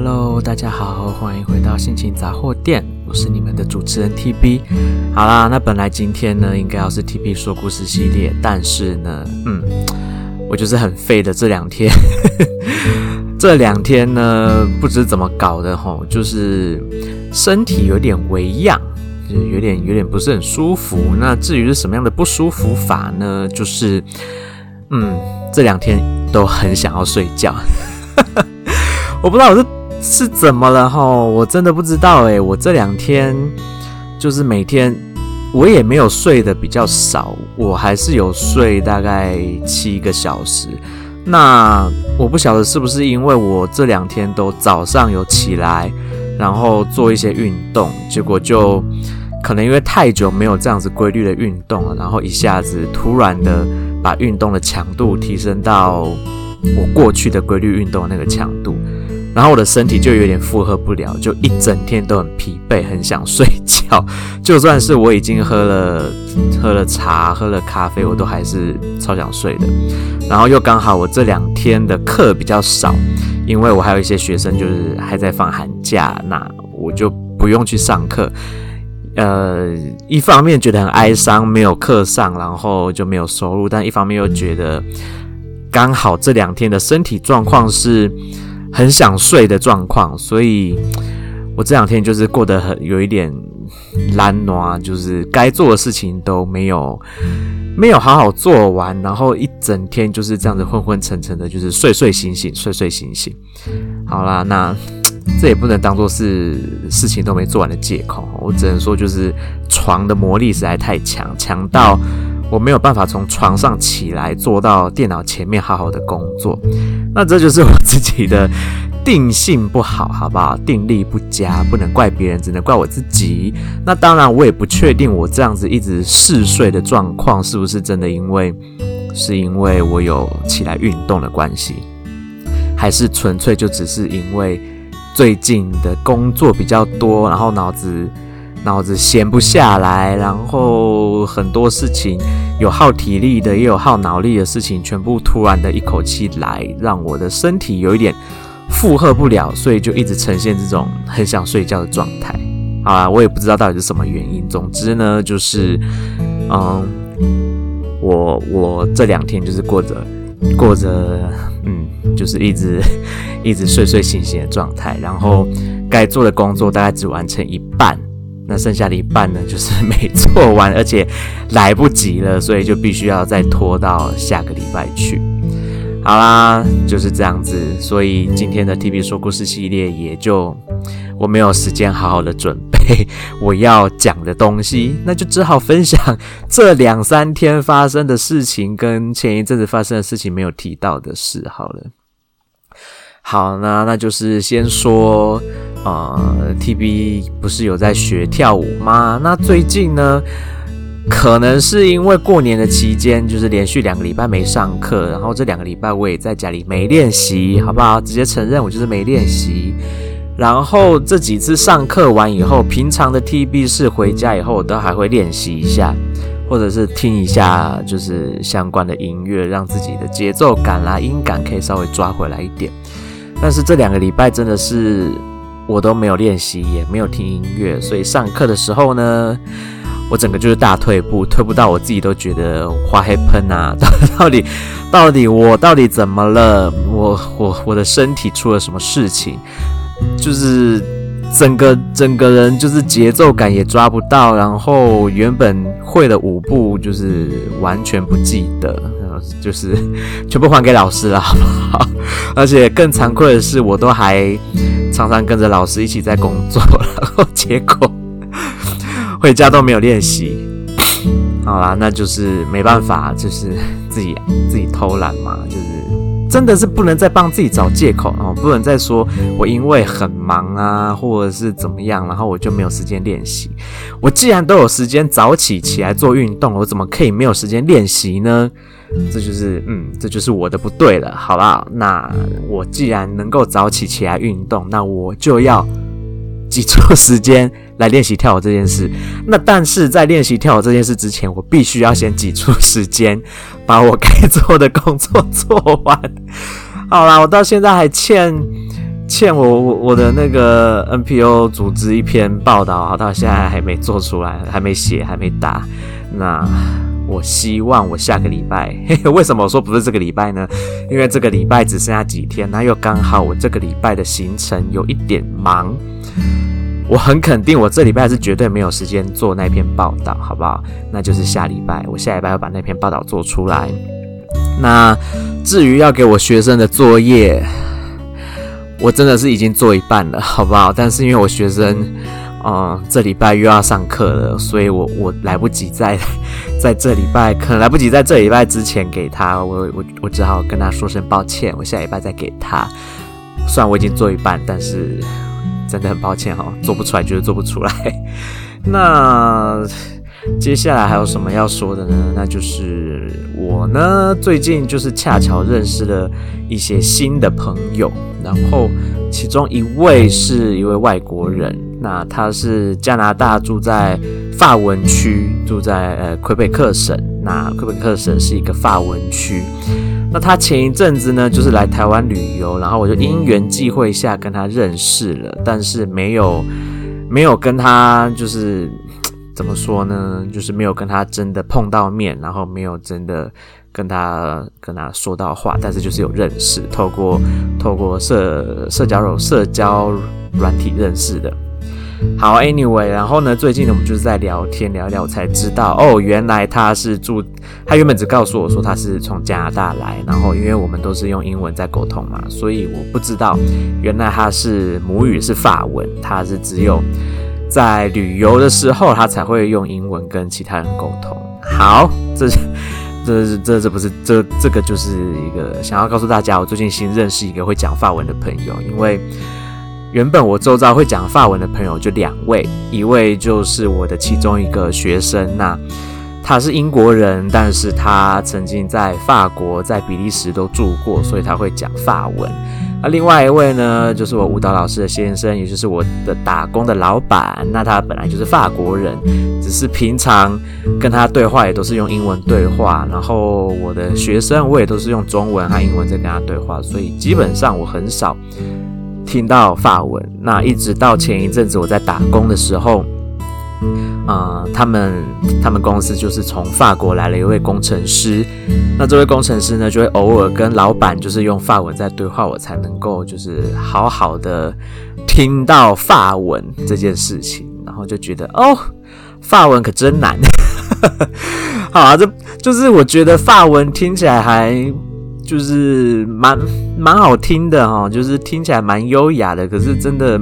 Hello，大家好，歡迎回到心情雜貨店，我是你們的主持人 TB。好啦，那本來今天呢，應該要是 TB 說故事系列，但是呢，嗯，我就是很廢的這兩天， 這兩天呢，不知怎麼搞的吼、哦，就是身體有點微恙，就是、有點有點不是很舒服。那至於是什麼樣的不舒服法呢？就是嗯，這兩天都很想要睡覺， 我不知道我是。是怎麼了吼，我真的不知道誒、欸，我這兩天就是每天我也沒有睡得比較少，我還是有睡大概七個小時。那我不曉得是不是因為我這兩天都早上有起來，然後做一些運動，結果就可能因為太久沒有這樣子規律的運動了，然後一下子突然的把運動的強度提升到我過去的規律運動的那個強度。然後我的身體就有點負荷不了，就一整天都很疲憊，很想睡覺。就算是我已經喝了、喝了茶、喝了咖啡，我都還是超想睡的。然後又剛好我這兩天的課比較少，因為我還有一些學生就是還在放寒假，那我就不用去上課。呃，一方面覺得很哀傷，沒有課上，然後就沒有收入；但一方面又覺得剛好這兩天的身體狀況是。很想睡的狀況，所以我這兩天就是過得很有一點懶惰，就是該做的事情都沒有沒有好好做完，然後一整天就是這樣子昏昏沉沉的，就是睡睡醒醒，睡睡醒醒。好啦，那這也不能當做是事情都沒做完的借口，我只能說就是床的魔力實在太強，強到。我沒有辦法從床上起來，坐到電腦前面好好的工作，那這就是我自己的定性不好，好不好？定力不佳，不能怪別人，只能怪我自己。那當然，我也不確定我這樣子一直嗜睡的狀況是不是真的，因為是因為我有起來運動的關係，還是純粹就只是因為最近的工作比較多，然後腦子。腦子閒不下來，然後很多事情有耗體力的，也有耗腦力的事情，全部突然的一口氣來，讓我的身體有一點負荷不了，所以就一直呈現這種很想睡覺的狀態。好啦，我也不知道到底是什麼原因。總之呢，就是嗯，我我這兩天就是過着過着，嗯，就是一直一直睡睡醒醒的狀態，然後該做的工作大概只完成一半。那剩下的一半呢，就是沒做完，而且來不及了，所以就必須要再拖到下個禮拜去。好啦，就是這樣子，所以今天的 TB 說故事系列，也就我沒有時間好好的準備我要講的東西，那就只好分享這兩三天發生的事情跟前一陣子發生的事情沒有提到的事。好了，好，那那就是先說。啊，TB 不是有在學跳舞嗎？那最近呢，可能是因為過年的期間，就是連續兩個禮拜沒上課，然後這兩個禮拜我也在家裡沒練習，好不好？直接承認我就是沒練習。然後這幾次上課完以後，平常的 TB 是回家以後我都還會練習一下，或者是聽一下就是相關的音樂，讓自己的節奏感啦、音感可以稍微抓回來一點。但是這兩個禮拜真的是。我都沒有練習，也沒有聽音樂，所以上課的時候呢，我整個就是大退步，退步到我自己都覺得花黑噴啊，到底到底到底我到底怎麼了？我我我的身體出了什麼事情？就是整個整個人就是節奏感也抓不到，然後原本會的舞步就是完全不記得，就是全部還給老師了，好不好？而且更慚愧的是，我都還。常常跟着老師一起在工作，然後結果回家都沒有練習。好啦，那就是沒辦法，就是自己自己偷懶嘛，就是真的是不能再幫自己找借口啊，哦，不能再說我因為很忙啊，或者是怎麼樣，然後我就沒有時間練習。我既然都有時間早起起來做運動，我怎麼可以沒有時間練習呢？這就是，嗯，這就是我的不對了，好不好？那我既然能夠早起起來運動，那我就要擠出時間來練習跳舞這件事。那但是在練習跳舞這件事之前，我必須要先擠出時間把我該做的工作做完。好啦，我到現在還欠欠我我我的那個 NPO 組織一篇報道，好到現在還沒做出來，還沒寫，還沒打，那。我希望我下個禮拜，嘿嘿，為什麼我說不是這個禮拜呢？因為這個禮拜只剩下幾天，那又剛好我這個禮拜的行程有一點忙，我很肯定我這禮拜是絕對沒有時間做那篇報道，好不好？那就是下禮拜，我下禮拜要把那篇報道做出來。那至於要給我學生的作業，我真的是已經做一半了，好不好？但是因為我學生。哦、嗯，這禮拜又要上課了，所以我我來不及在在這禮拜可能來不及在這禮拜之前給他，我我我只好跟他說聲抱歉，我下禮拜再給他。雖然我已經做一半，但是真的很抱歉哦，做不出來就是做不出來。那接下來還有什麼要說的呢？那就是我呢最近就是恰巧認識了一些新的朋友，然後其中一位是一位外國人。那他是加拿大，住在法文區，住在呃魁北克省。那魁北克省是一個法文區。那他前一陣子呢，就是來台灣旅遊，然後我就因緣際會下跟他認識了，但是沒有沒有跟他就是怎麼說呢，就是沒有跟他真的碰到面，然後沒有真的跟他跟他說到話，但是就是有認識，透過透過社社交社社交軟體認識的。好，Anyway，然後呢，最近呢，我們就是在聊天聊一聊，才知道哦，原來他是住，他原本只告訴我說他是從加拿大來，然後因為我們都是用英文在溝通嘛，所以我不知道，原來他是母語是法文，他是只有在旅遊的時候他才會用英文跟其他人溝通。好，這是這這這不是這這個就是一個想要告訴大家，我最近新認識一個會講法文的朋友，因為。原本我周遭會講法文的朋友就兩位，一位就是我的其中一個學生，那他是英國人，但是他曾經在法國、在比利時都住過，所以他會講法文。那另外一位呢，就是我舞蹈老師的先生，也就是我的打工的老闆，那他本來就是法國人，只是平常跟他對話也都是用英文對話，然後我的學生我也都是用中文和英文在跟他對話，所以基本上我很少。聽到法文，那一直到前一陣子我在打工的時候，啊、呃，他們他們公司就是從法國來了一位工程師，那這位工程師呢，就會偶爾跟老闆就是用法文在對話，我才能夠就是好好的聽到法文這件事情，然後就覺得哦，法文可真難， 好啊，這就是我覺得法文聽起來還。就是蠻蠻好聽的哈、哦，就是聽起來蠻優雅的，可是真的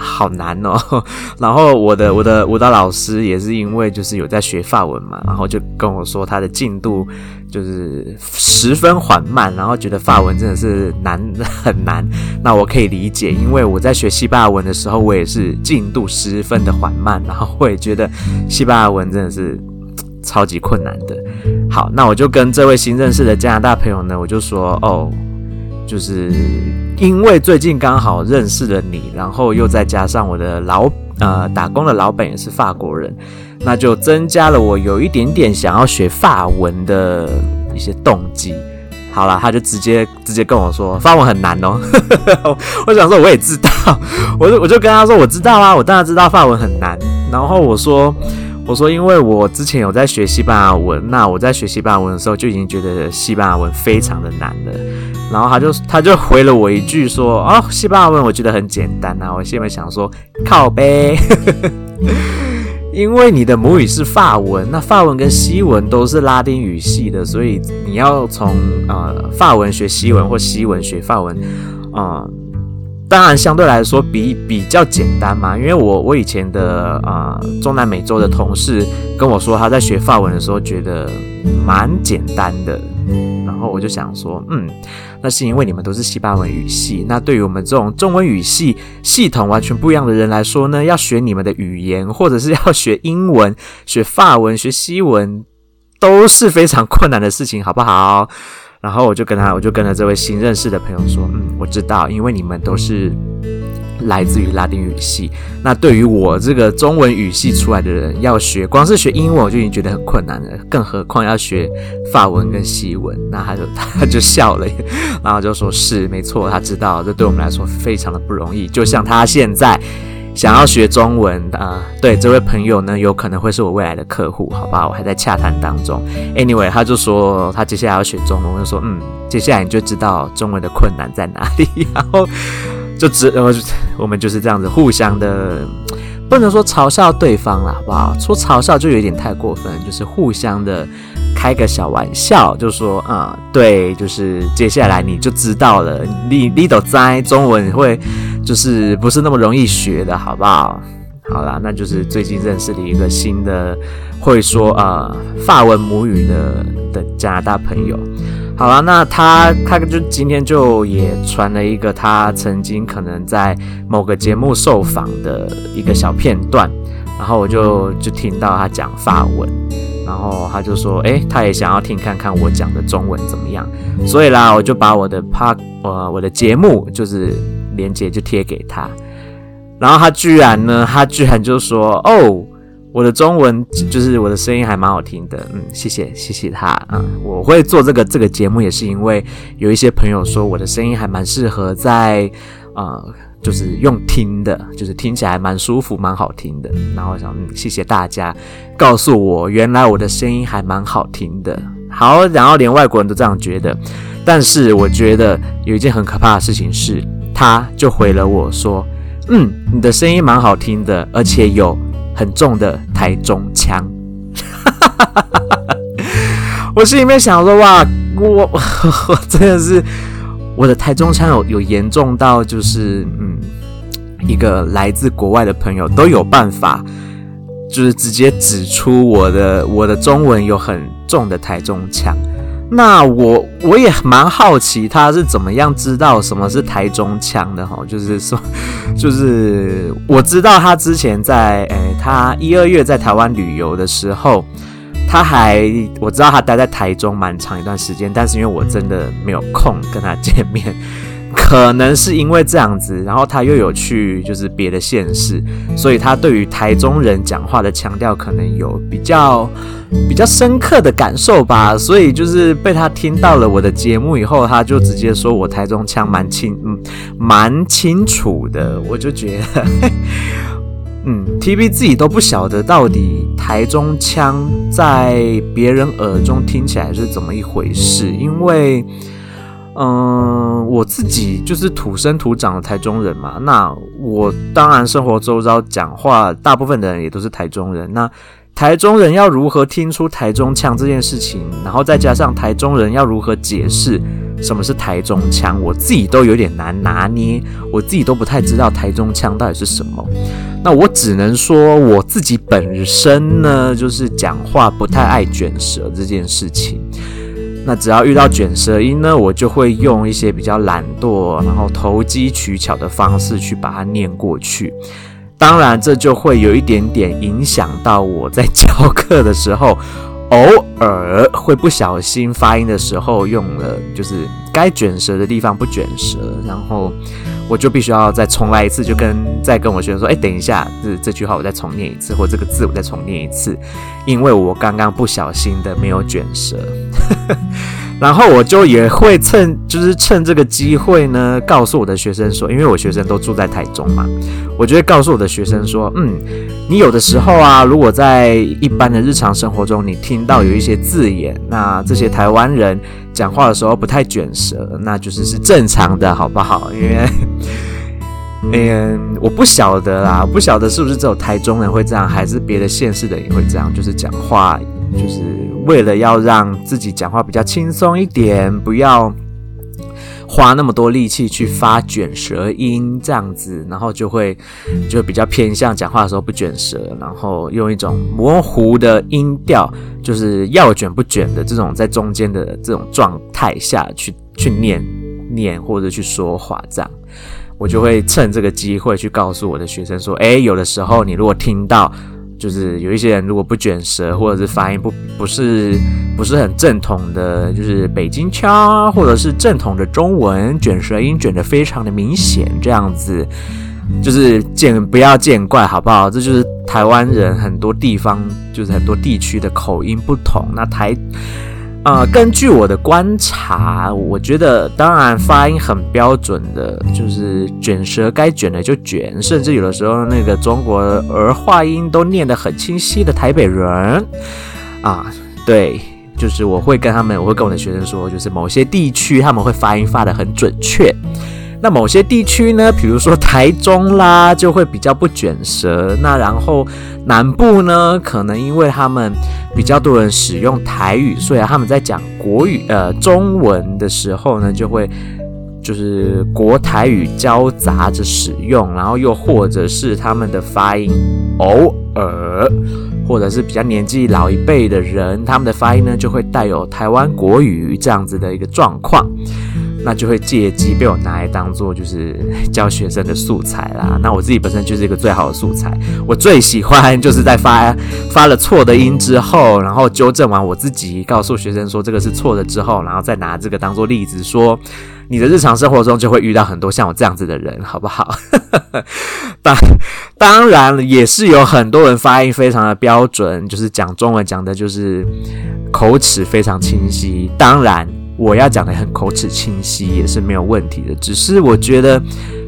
好難哦。然後我的我的舞蹈老師也是因為就是有在學法文嘛，然後就跟我說他的進度就是十分緩慢，然後覺得法文真的是難很難。那我可以理解，因為我在學西班牙文的時候，我也是進度十分的緩慢，然後我也覺得西班牙文真的是超級困難的。好，那我就跟這位新認識的加拿大朋友呢，我就說哦，就是因為最近剛好認識了你，然後又再加上我的老呃打工的老闆也是法國人，那就增加了我有一點點想要學法文的一些動機。好啦，他就直接直接跟我說，法文很難哦， 我想說我也知道，我就我就跟他說，我知道啊，我當然知道法文很難，然後我說。我說，因為我之前有在學西班牙文，那我在學西班牙文的時候就已經覺得西班牙文非常的難了。然後他就他就回了我一句說：“哦，西班牙文我覺得很簡單吶。”我後面想說靠杯，因為你的母語是法文，那法文跟西文都是拉丁語系的，所以你要從呃法文學西文或西文學法文啊。呃當然，相對來說比比較簡單嘛，因為我我以前的啊、呃、中南美洲的同事跟我說，他在學法文的時候覺得蠻簡單的，然後我就想說，嗯，那是因為你們都是西班牙文語系，那對於我們這種中文語系系統完全不一樣的人來說呢，要學你們的語言，或者是要學英文、學法文、學西文都是非常困難的事情，好不好？然後我就跟他，我就跟着這位新認識的朋友說，嗯，我知道，因為你們都是來自於拉丁語系，那對於我這個中文語系出來的人，要學光是學英文我就已經覺得很困難了，更何況要學法文跟西文。那他就他就笑了，然後就說是沒錯，他知道這對我們來說非常的不容易，就像他現在。想要學中文啊，呃，對，這位朋友呢，有可能會是我未來的客戶，好不好？我還在洽談當中。Anyway，他就說他接下來要學中文，我就說嗯，接下來你就知道中文的困難在哪裡。然後就只，然後就，我們就是這樣子互相的，不能說嘲笑對方啦，好不好？說嘲笑就有點太過分，就是互相的。開個小玩笑，就說啊、嗯，對，就是接下來你就知道了。你你都在中文會，就是不是那麼容易學的，好不好？好啦，那就是最近認識了一個新的會說啊、呃、法文母語的的加拿大朋友。好了，那他他就今天就也傳了一個他曾經可能在某個節目受訪的一個小片段。然後我就就聽到他講法文，然後他就說：“誒，他也想要聽看看我講的中文怎麼樣。”所以啦，我就把我的 park 呃，我的節目就是連接就貼給他。然後他居然呢，他居然就說：“哦，我的中文就是我的聲音還蠻好聽的。”嗯，謝謝謝謝他啊、呃！我會做這個這個節目也是因為有一些朋友說我的聲音還蠻適合在啊。呃就是用聽的，就是聽起來蠻舒服，蠻好聽的。然後想、嗯，謝謝大家告訴我，原來我的聲音還蠻好聽的。好，然後連外國人都這樣覺得。但是我覺得有一件很可怕的事情是，他就回了我說，嗯，你的聲音蠻好聽的，而且有很重的台中腔。 我心裡面想說，哇，我我真的是。我的台中腔有有嚴重到，就是嗯，一個來自國外的朋友都有辦法，就是直接指出我的我的中文有很重的台中腔。那我我也蠻好奇他是怎麼樣知道什麼是台中腔的，哈，就是說就是我知道他之前在誒，他一二月在台灣旅遊的時候。他還，我知道他待在台中蠻長一段時間，但是因為我真的沒有空跟他見面，可能是因為這樣子，然後他又有去就是別的縣市，所以他對於台中人講話的腔調可能有比較比較深刻的感受吧。所以就是被他聽到了我的節目以後，他就直接說我台中腔蠻清，嗯，蠻清楚的，我就覺得。 嗯，TB 自己都不曉得到底台中腔在別人耳中聽起來是怎麼一回事。因為，嗯，我自己就是土生土長的台中人嘛。那我當然生活周遭講話，大部分的人也都是台中人。那台中人要如何聽出台中腔這件事情，然後再加上台中人要如何解釋什麼是台中腔，我自己都有點難拿捏。我自己都不太知道台中腔到底是什麼。那我只能說，我自己本身呢，就是講話不太愛捲舌這件事情。那只要遇到捲舌音呢，我就會用一些比較懶惰，然後投機取巧的方式去把它念過去。當然，這就會有一點點影響到我在教課的時候，偶爾會不小心發音的時候用了，就是該捲舌的地方不捲舌，然後……我就必須要再重來一次，就跟再跟我學生說，誒、欸，等一下，這這句話我再重念一次，或這個字我再重念一次，因為我剛剛不小心的沒有捲舌。 然後我就也會趁就是趁這個機會呢，告訴我的學生說，因為我學生都住在台中嘛，我就會告訴我的學生說，嗯，你有的時候啊，如果在一般的日常生活中，你聽到有一些字眼，那這些台灣人，講話的時候不太卷舌，那就是是正常的，好不好？因為，嗯，我不曉得啦，不曉得是不是只有台中人會這樣，還是別的縣市的人也會這樣？就是講話，就是為了要讓自己講話比較輕鬆一點，不要。花那麼多力氣去發捲舌音，這樣子，然後就會就比較偏向講話的時候不捲舌，然後用一種模糊的音調，就是要捲不捲的這種在中間的這種狀態下去去念念或者去說話，這樣，我就會趁這個機會去告訴我的學生說，誒，有的時候你如果聽到。就是有一些人如果不捲舌，或者是發音不不是不是很正統的，就是北京腔或者是正統的中文捲舌音捲得非常的明顯，這樣子就是見不要見怪，好不好？這就是台灣人很多地方就是很多地區的口音不同，那台。啊、呃，根據我的觀察，我覺得當然發音很標準的，就是捲舌該捲的就捲，甚至有的時候那個中國兒化音都念得很清晰的台北人，啊，對，就是我會跟他們，我會跟我的學生說，就是某些地區他們會發音發得很準確。那某些地區呢，比如說台中啦，就會比較不卷舌。那然後南部呢，可能因為他們比較多人使用台語，所以他們在講國語呃中文的時候呢，就會就是國台語交雜着使用。然後又或者是他們的發音偶爾，偶爾或者是比較年紀老一輩的人，他們的發音呢就會帶有台灣國語這樣子的一個狀況。那就會借機被我拿來當做就是教學生的素材啦。那我自己本身就是一個最好的素材。我最喜歡就是在發發了錯的音之後，然後糾正完我自己，告訴學生說這個是錯的之後，然後再拿這個當做例子說，你的日常生活中就會遇到很多像我這樣子的人，好不好？當 當然也是有很多人發音非常的標準，就是講中文講的就是口齒非常清晰。當然。我要講得很口齒清晰也是沒有問題的，只是我覺得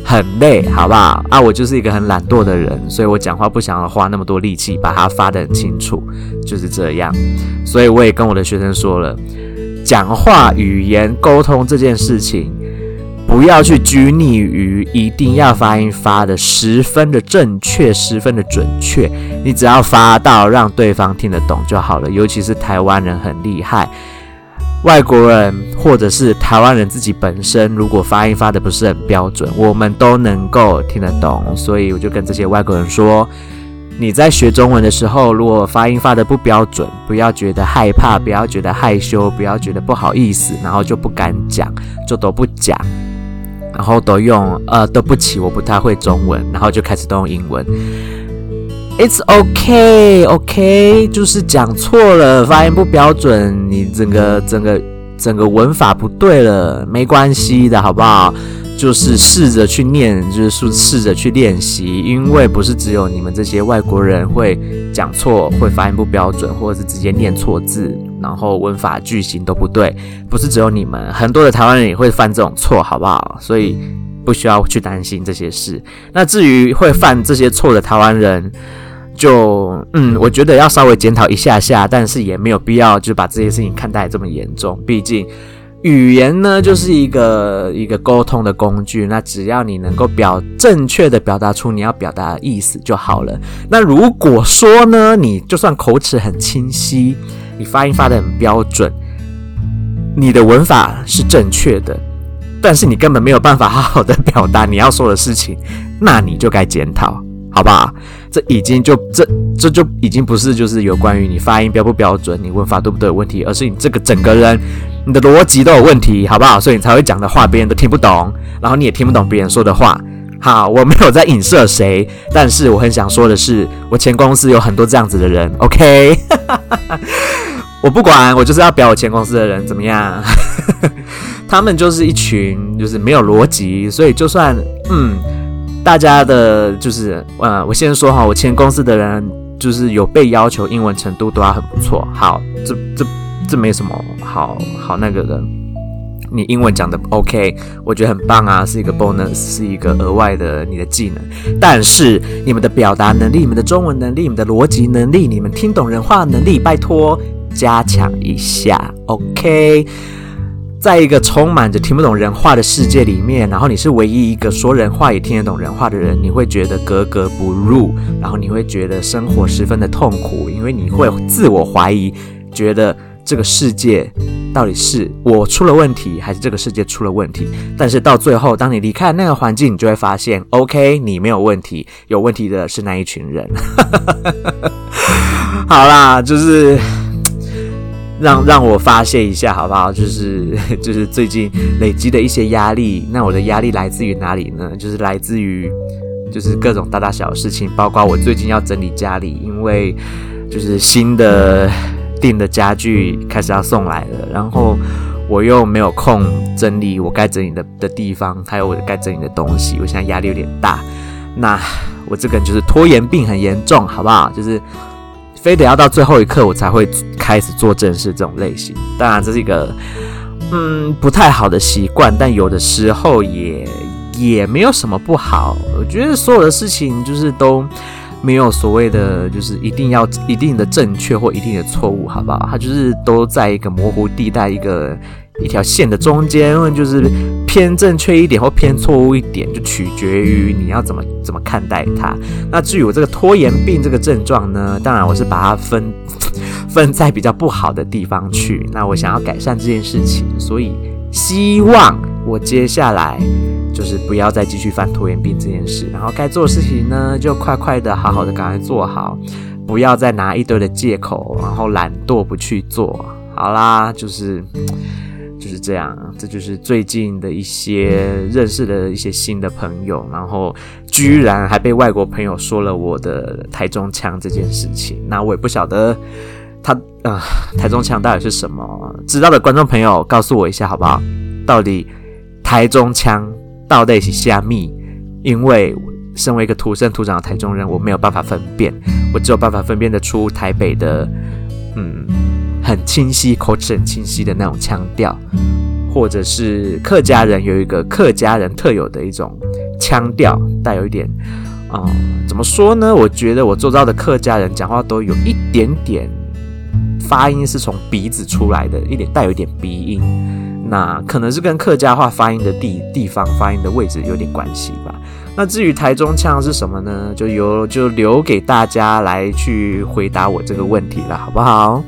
很累，好不好？啊，我就是一個很懶惰的人，所以我講話不想要花那麼多力氣把它發得很清楚，就是這樣。所以我也跟我的學生說了，講話語言溝通這件事情，不要去拘泥於一定要發音發的十分的正確、十分的準確，你只要發到讓對方聽得懂就好了。尤其是台灣人很厲害。外國人或者是台灣人自己本身，如果發音發的不是很標準，我們都能夠聽得懂。所以我就跟這些外國人說：“你在學中文的時候，如果發音發的不標準，不要覺得害怕，不要覺得害羞，不要覺得不好意思，然後就不敢講，就都不講，然後都用呃，對不起，我不太會中文，然後就開始都用英文。” It's okay, okay，就是講錯了，發音不標準，你整個整個整個文法不對了，沒關係的，好不好？就是試着去念，就是試着去練習，因為不是只有你們這些外國人會講錯，會發音不標準，或者是直接念錯字，然後文法句型都不對，不是只有你們，很多的台灣人也會犯這種錯，好不好？所以不需要去擔心這些事。那至於會犯這些錯的台灣人，就嗯，我覺得要稍微檢討一下下，但是也沒有必要，就把這些事情看待這麼嚴重。畢竟語言呢，就是一個、嗯、一個溝通的工具。那只要你能夠表正確的表達出你要表達的意思就好了。那如果說呢，你就算口齒很清晰，你發音發的很標準，你的文法是正確的，但是你根本沒有辦法好好的表達你要說的事情，那你就該檢討，好不好？這已經就這，這就已經不是就是有關於你發音標不標準，你文法對不對問題，而是你這個整個人，你的邏輯都有問題，好不好？所以你才會講的話，別人都聽不懂，然後你也聽不懂別人說的話。好，我沒有在影射誰，但是我很想說的是，我前公司有很多這樣子的人。OK， 我不管，我就是要表我前公司的人怎麼樣， 他們就是一群就是沒有邏輯，所以就算嗯。大家的，就是，呃，我先說哈，我前公司的人，就是有被要求英文程度都要很不錯。好，這這這沒什麼好好那個的，你英文講的 OK，我覺得很棒啊，是一個 bonus，是一個額外的你的技能。但是你們的表達能力、你們的中文能力、你們的邏輯能力、你們聽懂人話能力，拜託加強一下，OK。在一個充滿着聽不懂人話的世界裡面，然後你是唯一一個說人話也聽得懂人話的人，你會覺得格格不入，然後你會覺得生活十分的痛苦，因為你會自我懷疑，覺得這個世界到底是我出了問題，還是這個世界出了問題？但是到最後，當你離開了那個環境，你就會發現，OK，你沒有問題，有問題的是那一群人。 好啦，就是。讓讓我發洩一下，好不好？就是就是最近累積的一些壓力。那我的壓力來自於哪裡呢？就是來自於就是各種大大小小事情，包括我最近要整理家裡，因為就是新的訂的家具開始要送來了，然後我又沒有空整理我該整理的的地方，還有我該整理的東西。我現在壓力有點大。那我這個人就是拖延病很嚴重，好不好？就是。非得要到最後一刻我才會開始做正事這種類型，當然這是一個嗯不太好的習慣，但有的時候也也沒有什麼不好。我覺得所有的事情就是都沒有所謂的，就是一定要一定的正確或一定的錯誤，好不好？它就是都在一個模糊地帶，一個一條線的中間，就是。偏正確一點或偏錯誤一點，就取決於你要怎麼怎麼看待它。那至於我這個拖延病這個症狀呢，當然我是把它分分在比較不好的地方去。那我想要改善這件事情，所以希望我接下來就是不要再繼續犯拖延病這件事，然後該做的事情呢，就快快的好好的趕快做好，不要再拿一堆的借口，然後懶惰不去做。好啦，就是。就是這樣，這就是最近的一些認識的一些新的朋友，然後居然還被外國朋友說了我的台中腔這件事情。那我也不曉得他呃，台中腔到底是什麼，知道的觀眾朋友告訴我一下好不好？到底台中腔到底是蝦米？因為身為一個土生土長的台中人，我沒有辦法分辨，我只有辦法分辨得出台北的嗯。很清晰，口齒很清晰的那種腔調，或者是客家人有一個客家人特有的一種腔調，帶有一點，嗯，怎麼說呢？我覺得我做到的客家人講話都有一點點發音是從鼻子出來的，一點帶有一點鼻音，那可能是跟客家話發音的地地方發音的位置有點關係吧。那至於台中腔是什麼呢？就由就留給大家來去回答我這個問題了，好不好？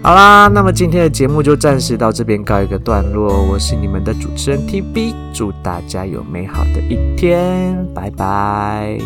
好啦，那麼今天的節目就暫時到這邊告一個段落。我是你們的主持人 TB，祝大家有美好的一天，拜拜。